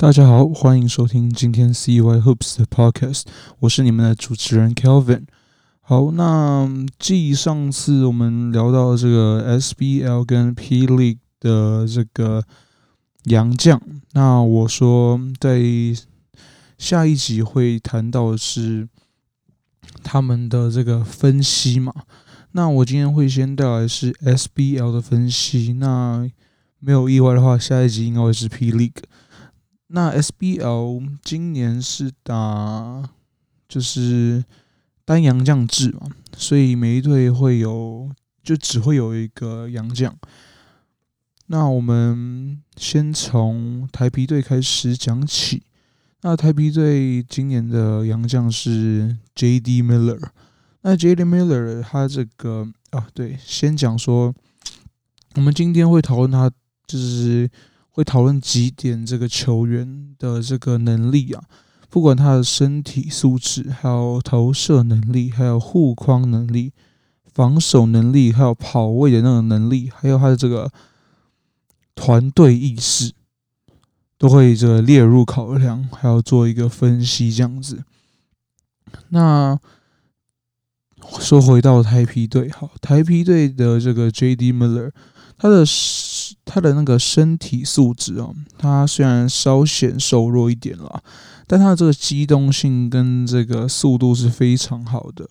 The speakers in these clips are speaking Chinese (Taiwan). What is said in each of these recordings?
大家好，歡迎收聽今天 CY Hoops 的 Podcast，我是你們的主持人 Kelvin。好，那繼上次我們聊到這個 SBL 跟 P League 的這個洋將，那我說在下一集會談到的是他們的這個分析嘛。那我今天會先帶來是 SBL 的分析，那沒有意外的話，下一集應該會是 P League。那 SBL 今年是打就是單洋將制嘛，所以每一隊會有就只會有一個洋將。那我們先從台啤隊開始講起。那台啤隊今年的洋將是 J.D. Miller。那 J.D. Miller 他這個啊，對，先講說，我們今天會討論他就是。會討論幾點這個球員的這個能力啊，不管他的身體素質，還有投射能力，還有護框能力、防守能力，還有跑位的那種能力，還有他的這個團隊意識，都會這個列入考量，還要做一個分析這樣子。那說回到台啤隊，好，台啤隊的這個 JD Miller 他的。他的那個身體素質哦、啊，他雖然稍顯瘦弱一點啦，但他的這個機動性跟這個速度是非常好的。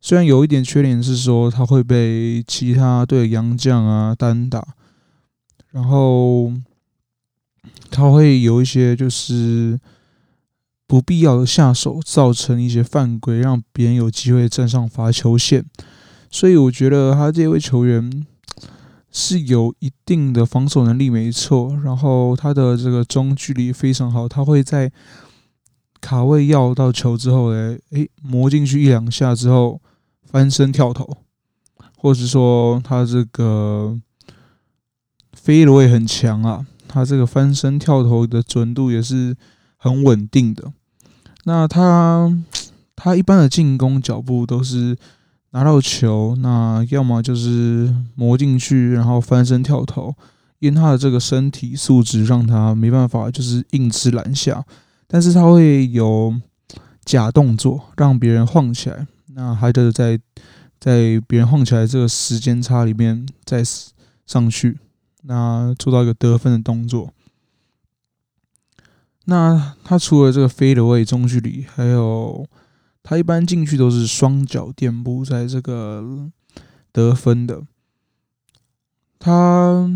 雖然有一點缺點是說他會被其他隊的洋將啊單打，然後他會有一些就是不必要的下手，造成一些犯規，讓別人有機會站上罰球線。所以我覺得他這一位球員，是有一定的防守能力，沒錯。然後他的這個中距離非常好，他會在卡位要到球之後呢，誒、欸，磨進去一兩下之後翻身跳投，或是說他這個 fadeaway 很強啊。他這個翻身跳投的準度也是很穩定的。那他他一般的進攻腳步都是。拿到球，那要麼就是磨進去，然後翻身跳投。因他的這個身體素質，讓他沒辦法就是硬吃籃下，但是他會有假動作，讓別人晃起來。那還得在在別人晃起來這個時間差裡面再上去，那做到一個得分的動作。那他除了這個 fade away 中距離，還有。他一般進去都是雙腳墊步，在這個得分的。他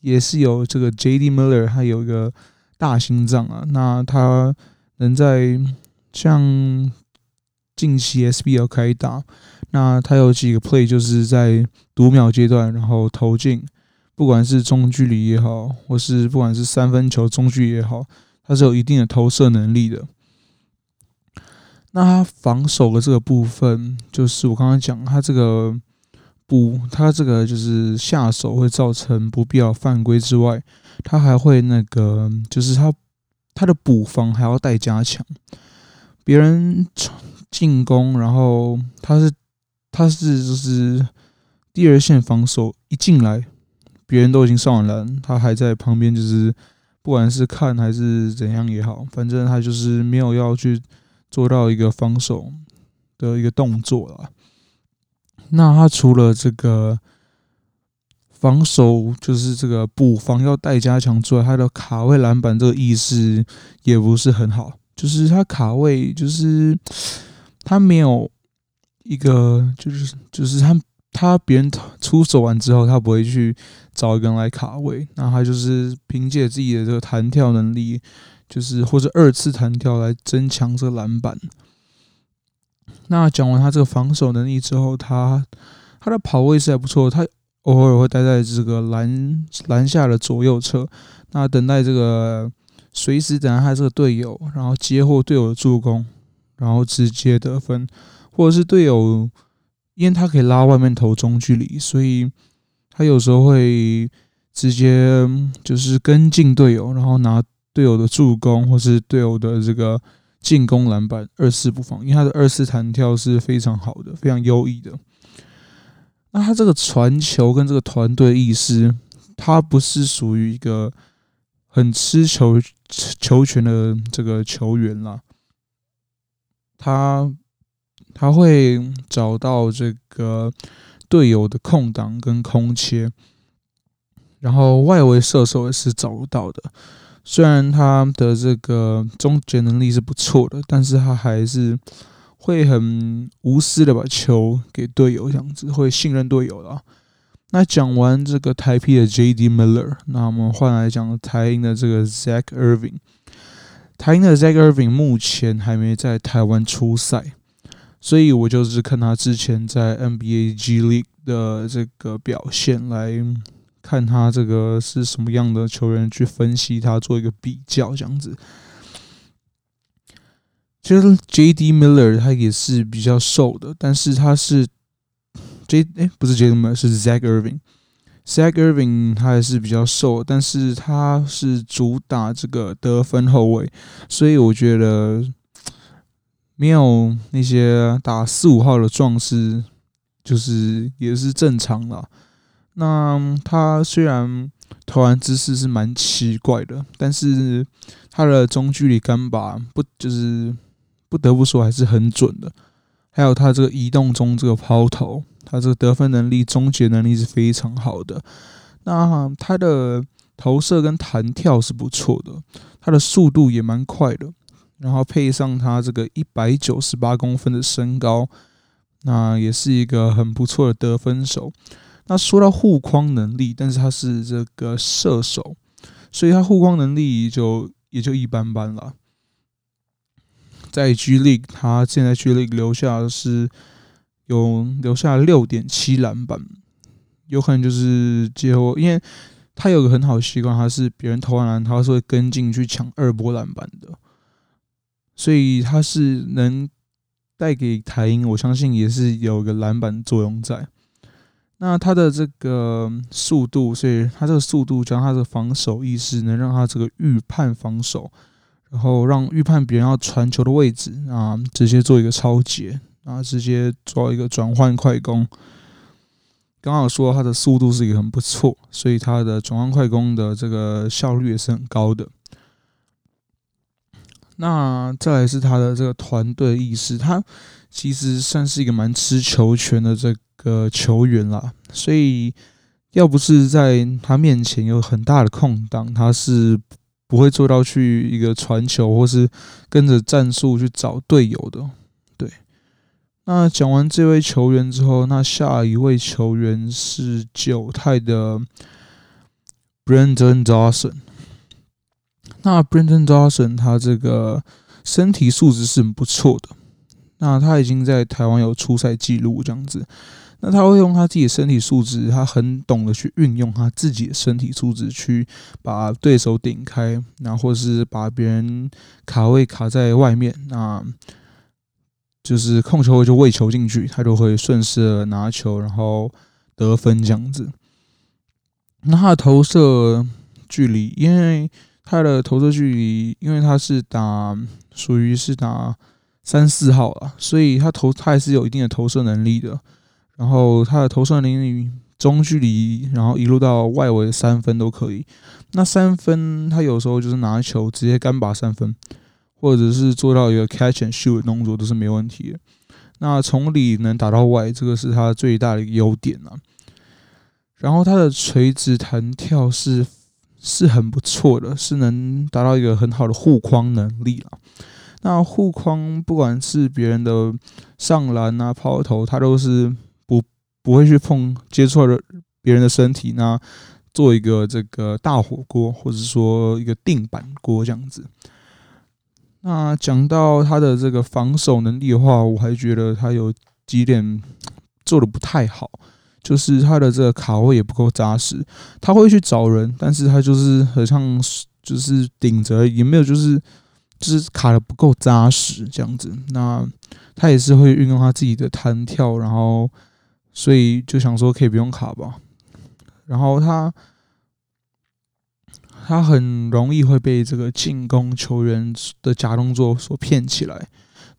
也是有這個 J.D. Miller，他有一個大心臟啊。那他能在像近期 SBL 要開打，那他有幾個 play 就是在讀秒階段，然後投進，不管是中距離也好，或是不管是三分球中距也好，他是有一定的投射能力的。那他防守的這個部分，就是我剛剛講，他這個補，他這個就是下手會造成不必要犯規之外，他還會那個，就是他他的補防還要待加強。別人進攻，然後他是他是就是第二線防守一進來，別人都已經上完籃，他還在旁邊，就是不管是看還是怎樣也好，反正他就是沒有要去。做到一個防守的一個動作了。那他除了這個防守，就是這個補防要帶加強之外，他的卡位籃板這個意識也不是很好。就是他卡位，就是他沒有一個，就是就是他他別人出手完之後，他不會去找一個人來卡位，然後他就是憑借自己的這個彈跳能力。就是或者二次彈跳來增強這個籃板。那講完他這個防守能力之後，他他的跑位是還不錯。他偶爾會待在這個籃籃下的左右側，那等待這個隨時等待他這個隊友，然後接獲隊友的助攻，然後直接得分，或者是隊友，因為他可以拉外面投中距離，所以他有時候會直接就是跟進隊友，然後拿。隊友的助攻，或是隊友的這個進攻籃板二次不防，因為他的二次彈跳是非常好的，非常優異的。那他這個傳球跟這個團隊意識，他不是屬於一個很吃球球權的這個球員啦。他他會找到這個隊友的空檔跟空切，然後外圍射手也是找不到的。雖然他的這個終結能力是不錯的，但是他還是會很無私的把球給隊友，這樣子會信任隊友的。那講完這個台啤的 J.D. Miller，那我們換來講台英的這個 Zach Irving。台英的 Zach Irving 目前還沒在台灣出賽，所以我就是看他之前在 NBA G League 的這個表現來。看他這個是什麼樣的球員，去分析他做一個比較，這樣子。其實 J D Miller 他也是比較瘦的，但是他是 J 哎、欸，不是 J D Miller，是 Zach Irving。Zach Irving 他也是比較瘦的，但是他是主打這個得分後衛，所以我覺得沒有那些打四五號的壯士，就是也是正常了。那他雖然投籃姿勢是蠻奇怪的，但是他的中距離乾拔，不就是不得不說還是很準的。還有他這個移動中這個拋投，他這個得分能力、終結能力是非常好的。那他的投射跟彈跳是不錯的，他的速度也蠻快的。然後配上他這個一百九十八公分的身高，那也是一個很不錯的得分手。他說到護框能力，但是他是這個射手，所以他護框能力就也就一般般了。在 G League，他現在 G League 留下的是有留下六點七籃板，有可能就是借貨，因為他有個很好習慣，他是別人投完籃，他是會跟進去搶二波籃板的，所以他是能帶給台銀，我相信也是有個籃板作用在。那他的這個速度，所以他這個速度加上他的防守意識，能讓他這個預判防守，然後讓預判別人要傳球的位置啊，直接做一個抄截，然後直接做一個轉換快攻。剛好說他的速度是一個很不錯，所以他的轉換快攻的這個效率也是很高的。那再來是他的這個團隊意識，他其實算是一個蠻吃球權的這個。個球員啦，所以要不是在他面前有很大的空檔，他是不會做到去一個傳球或是跟着戰術去找隊友的。對，那講完這位球員之後，那下一位球員是九太的 Brandon Dawson。那 Brandon Dawson 他這個身體素質是很不錯的，那他已經在台灣有出賽記錄，這樣子。那他會用他自己的身體素質，他很懂得去運用他自己的身體素質去把對手頂開，然後或是把別人卡位卡在外面，那就是控球就餵球進去，他就會順勢拿球然後得分這樣子。那他的投射距離，因為他的投射距離，因為他是打屬於是打三四號了，所以他投他還是有一定的投射能力的。然後他的投射能力中距離，然後一路到外圍三分都可以。那三分他有時候就是拿球直接乾拔三分，或者是做到一個 catch and shoot 的動作都是沒問題的。那從裡能打到外，這個是他最大的一個優點啊。然後他的垂直彈跳是是很不錯的，是能達到一個很好的護框能力啊。那護框不管是別人的上籃啊、拋投，他都是。不會去碰接觸的別人的身體，那做一個這個大火鍋，或者說一個定板鍋這樣子。那講到他的這個防守能力的話，我還覺得他有幾點做得不太好，就是他的這個卡位也不夠紮實。他會去找人，但是他就是很像就是頂着，也沒有就是就是卡得不夠紮實這樣子。那他也是會運用他自己的彈跳，然後。所以就想說可以不用卡吧，然後他他很容易會被這個進攻球員的假動作所騙起來。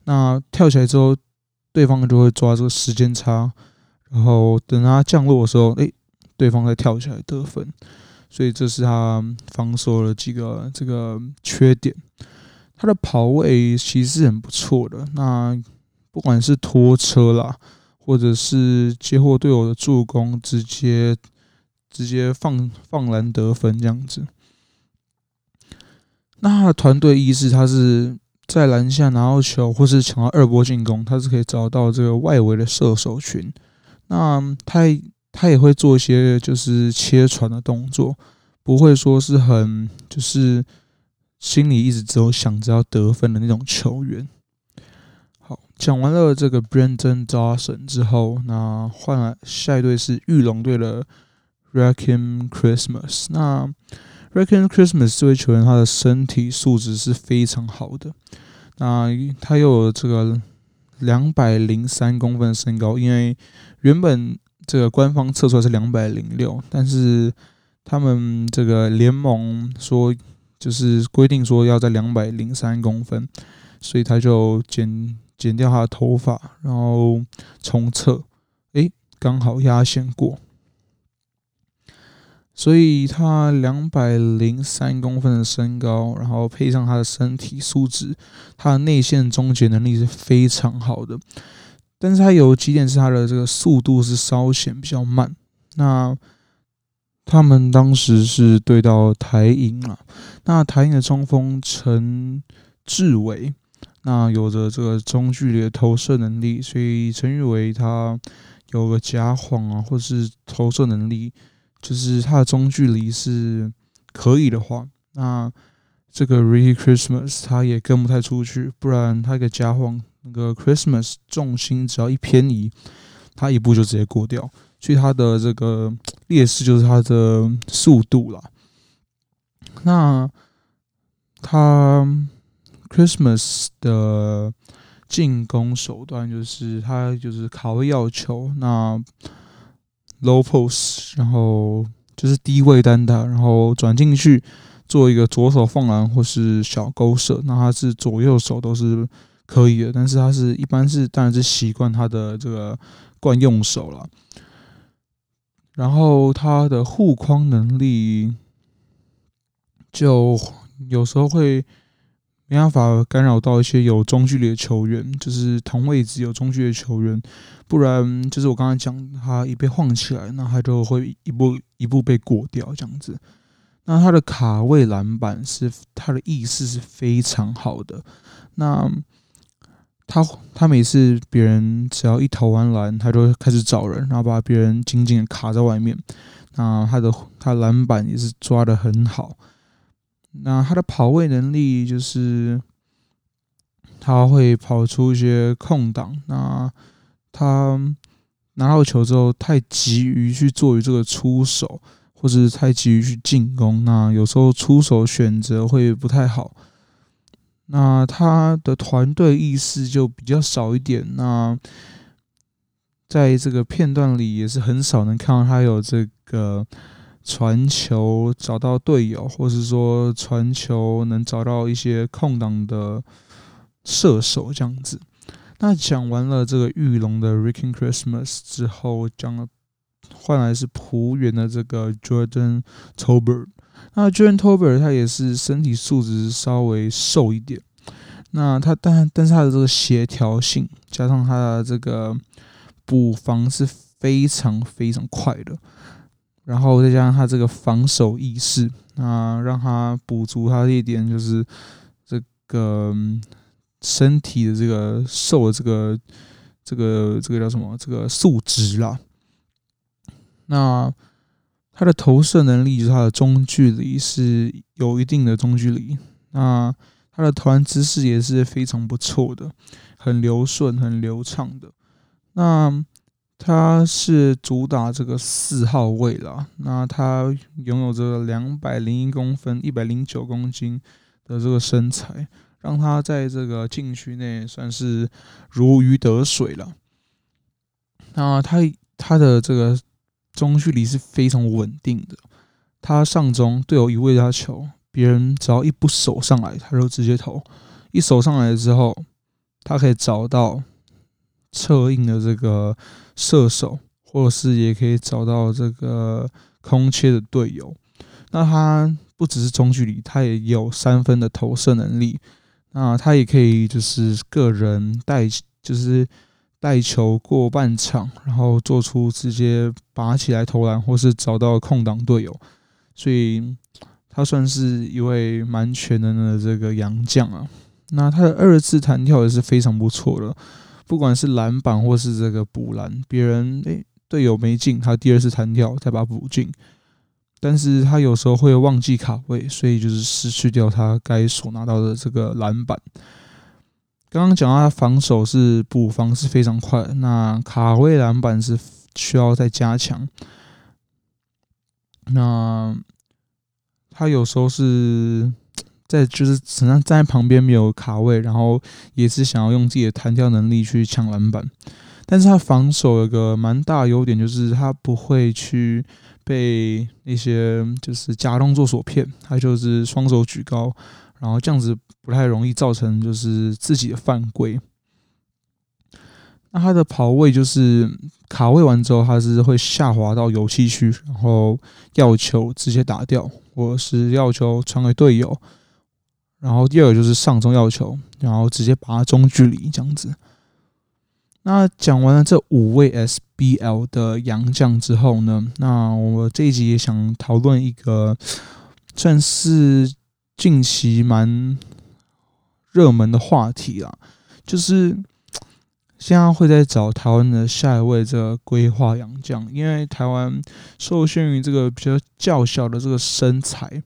那跳起來之後，對方就會抓這個時間差，然後等他降落的時候，誒，對方再跳起來得分。所以這是他防守的幾個這個缺點。他的跑位其實是很不錯的，那不管是拖車啦。或者是接獲隊友的助攻，直接直接放放籃得分這樣子。那他的團隊意識，他是在籃下拿到球，或是搶到二波進攻，他是可以找到這個外圍的射手群。那他他也會做一些就是切傳的動作，不會說是很就是心裡一直只有想着要得分的那種球員。講完了這個 Brandon Dawson 之後，那換了下一隊是裕隆隊的 Rakim Christmas。那 Rakim Christmas 這位球員，他的身體素質是非常好的。那他又有這個兩百零三公分的身高，因為原本這個官方測出來是兩百零六，但是他們這個聯盟說就是規定說要在兩百零三公分，所以他就減。剪掉他的頭髮，然後重測，誒，剛好壓線過。所以他兩百零三公分的身高，然後配上他的身體素質，他的內線終結能力是非常好的。但是他有幾點，是他的這個速度是稍顯比較慢。那他們當時是對到台銀了、啊、那台銀的中鋒陳志偉。那有着這個中距離的投射能力，所以陳宇維他有個假晃啊，或是投射能力，就是他的中距離是可以的話，那這個 Rey Christmas 他也跟不太出去，不然他一個假晃，那個 Christmas 重心只要一偏移，他一步就直接過掉，所以他的這個劣勢就是他的速度了。那他。Christmas 的進攻手段就是他就是卡位要求那 low post，然後就是低位單打，然後轉進去做一個左手放籃或是小勾射。那他是左右手都是可以的，但是他是一般是當然是習慣他的這個慣用手了。然後他的護框能力就有時候會。沒辦法干擾到一些有中距離的球員，就是同位置有中距離的球員，不然就是我剛才講，他一被晃起來，那他就會一步一步被過掉這樣子。那他的卡位籃板是他的意識是非常好的。那他他每次別人只要一投完籃，他就會開始找人，然後把別人緊緊的卡在外面。那他的他籃板也是抓得很好。那他的跑位能力就是他會跑出一些空檔。那他拿到球之後太急於去做於這個出手，或者是太急於去進攻。那有時候出手選擇會不太好。那他的團隊意識就比較少一點。那在這個片段裡也是很少能看到他有這個。傳球找到隊友，或是說傳球能找到一些空檔的射手這樣子。那講完了這個裕隆的 Ricking Christmas 之後，講了換來是璞園的這個 Jordan Tolbert，那 Jordan Tolbert 他也是身體素質稍微瘦一點，那他但但是他的這個協調性，加上他的這個補防是非常非常快的，然後再加上他這個防守意識，啊，讓他補足他一點，就是這個身體的這個瘦這個這個這個叫什麼？這個素質啦。那他的投射能力，就是他的中距離是有一定的中距離。那他的投籃姿勢也是非常不錯的，很流順、很流暢的。那。他是主打這個四號位了，那他擁有着兩百零一公分、一百零九公斤的這個身材，讓他在這個禁區內算是如魚得水了。那他他的這個中距離是非常穩定的，他上中隊友一餵他球，別人只要一不守上來，他就直接投；一守上來之後，他可以找到。策應的這個射手，或者是也可以找到這個空切的隊友。那他不只是中距離，他也有三分的投射能力。那他也可以就是個人帶，就是帶球過半場，然後做出直接拔起來投籃，或是找到空檔隊友。所以他算是一位蠻全能的這個洋將啊。那他的二次彈跳也是非常不錯的。不管是籃板或是這個補籃，別人，欸，隊友沒進，他第二次彈跳再把他補進，但是他有時候會忘記卡位，所以就是失去掉他該所拿到的這個籃板。剛剛講到他防守是補防是非常快，那卡位籃板是需要再加強。那他有時候是。在就是只能站在旁邊沒有卡位，然後也是想要用自己的彈跳能力去搶籃板。但是他防守有個蠻大的優點，就是他不會去被那些就是假動作所騙，他就是雙手舉高，然後這樣子不太容易造成就是自己的犯規。那他的跑位就是卡位完之後，他是會下滑到油漆區，然後要球直接打掉，或是要球傳給隊友。然後第二個就是上中要求，然後直接拔中距離這樣子。那講完了這五位 SBL 的洋將之後呢，那我這一集也想討論一個算是近期蠻熱門的話題啦，就是現在會在找台灣的下一位這個歸化洋將，因為台灣受限於這個比較較小的這個身材。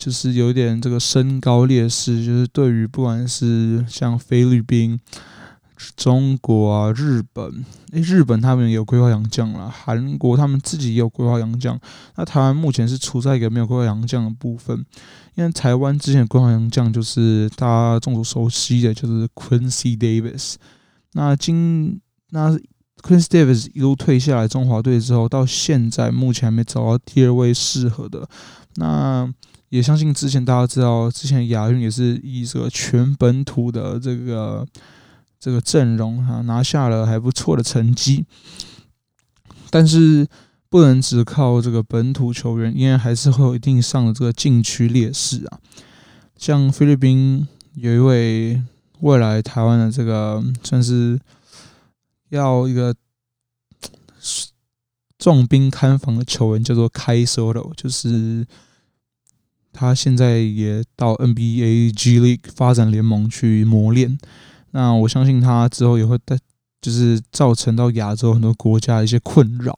就是有一點這個身高劣勢，就是對於不管是像菲律賓、中國啊、日本，欸、日本他們也有歸化洋將啦，韓國他們自己也有歸化洋將。那台灣目前是處在一個沒有歸化洋將的部分，因為台灣之前的歸化洋將就是大家眾所熟悉的，就是 Quincy Davis 那。那今那 Quincy Davis 一路退下來中華隊之後，到現在目前還沒找到第二位適合的。那也相信之前大家知道，之前亞運也是以這個全本土的這個這個陣容哈，拿下了還不錯的成績。但是不能只靠這個本土球員，因為還是會有一定上的這個禁區劣勢啊。像菲律賓有一位未來台灣的這個算是要一個重兵看防的球員，叫做 Kai Solo，就是。他現在也到 NBA G League 發展聯盟去磨練，那我相信他之後也會帶，就是造成到亞洲很多國家一些困擾。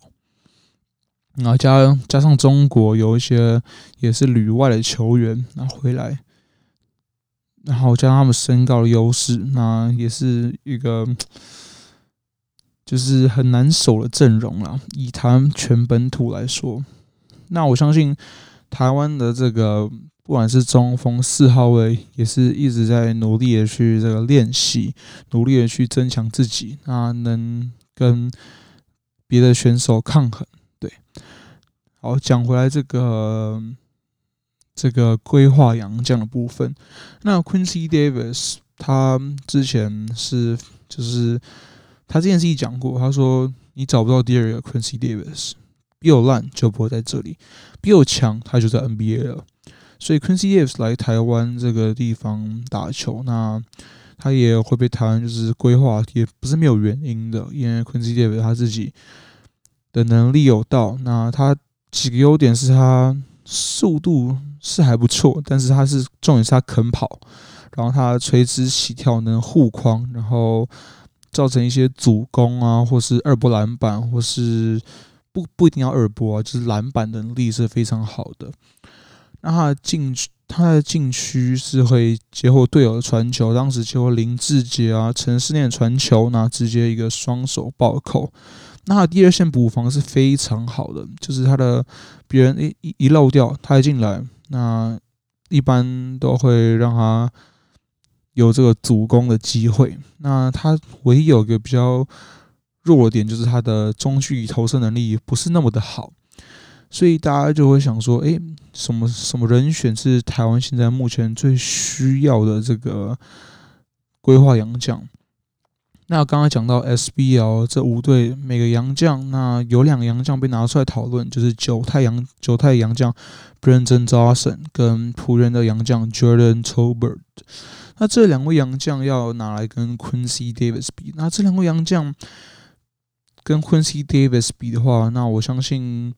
然後加加上中國有一些也是旅外的球員，然後回來，然後將他們身高優勢，那也是一個就是很難守的陣容啦。以他們全本土來說，那我相信。台灣的這個不管是中鋒四號位，也是一直在努力的去這個練習，努力的去增強自己，啊，能跟別的選手抗衡對。對，好，講回來這個這個歸化洋將的部分，那 Quincy Davis 他之前是就是他之前自己講過，他說，你找不到第二個 Quincy Davis。比我爛就不會在這裡，比我強他就在 NBA 了。所以 Quincy Davis 來台灣這個地方打球，那他也會被台灣就是歸化，也不是沒有原因的。因為 Quincy Davis 他自己的能力有到，那他幾個優點是，他速度是還不錯，但是他是重點是他肯跑，然後他垂直起跳能護框，然後造成一些主攻啊，或是二波籃板，或是。不不一定要二波啊，就是籃板能力是非常好的。那他的禁區，他的禁區是會接獲隊友的傳球，當時接獲林志杰啊、陳世念傳球，那直接一個雙手暴扣。那他第二線補防是非常好的，就是他的別人一一一漏掉，他一進來，那一般都會讓他有這個主攻的機會。那他唯一有一個比較。弱點就是他的中距離投射能力不是那麼的好，所以大家就會想說，誒、欸，什麼什麼人選是台灣現在目前最需要的這個歸化洋將？那剛剛講到 SBL 這五隊每個洋將，那有兩個洋將被拿出來討論，就是九太洋九太洋將 Brandon Johnson 跟璞園的洋將 Jordan Tolbert 那這兩位洋將要拿來跟 Quincy Davis 比，那這兩位洋將。跟 Quincy Davis 比的話，那我相信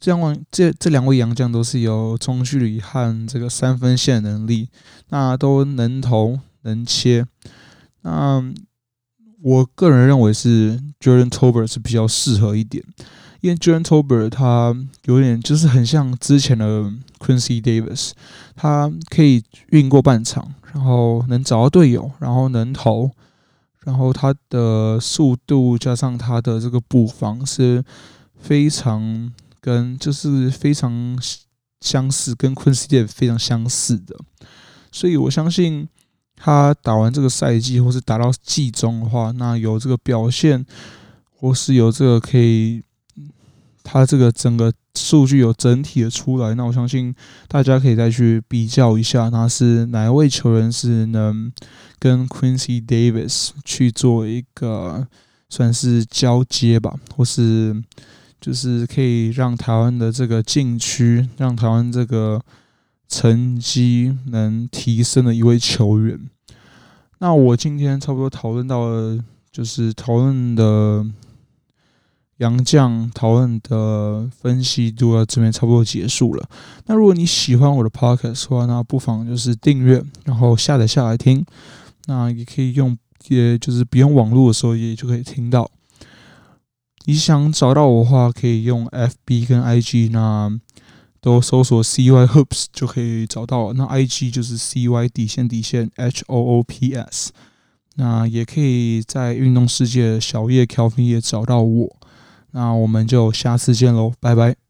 這兩位這這兩位洋將都是有中距離和這個三分線能力，那都能投能切。那我個人認為是 Jordan Tolbert 是比較適合一點，因為 Jordan Tolbert 他有點就是很像之前的 Quincy Davis，他可以運過半場，然後能找到隊友，然後能投。然後他的速度加上他的這個補防是非常跟就是非常相似，跟昆因斯也非常相似的，所以我相信他打完這個賽季，或是打到季中的話，那有這個表現或是有這個可以，他這個整個。數據有整體的出來，那我相信大家可以再去比較一下，那是哪一位球員是能跟 Quincy Davis 去做一個算是交接吧，或是就是可以讓台灣的這個禁區，讓台灣這個成績能提升的一位球員。那我今天差不多討論到了，就是討論的。洋將討論的分析到這邊差不多結束了。那如果你喜歡我的 podcast 的話，那不妨就是訂閱，然後下載下來聽。那也可以用，也就是不用網絡的時候也就可以聽到。你想找到我的話，可以用 FB 跟 IG，那都搜索 CY Hoops 就可以找到了。那 IG 就是 CY 底線底線 H O O P S。那也可以在運動世界小葉 Kelvin 也找到我。那我們就下次見嘍，拜拜。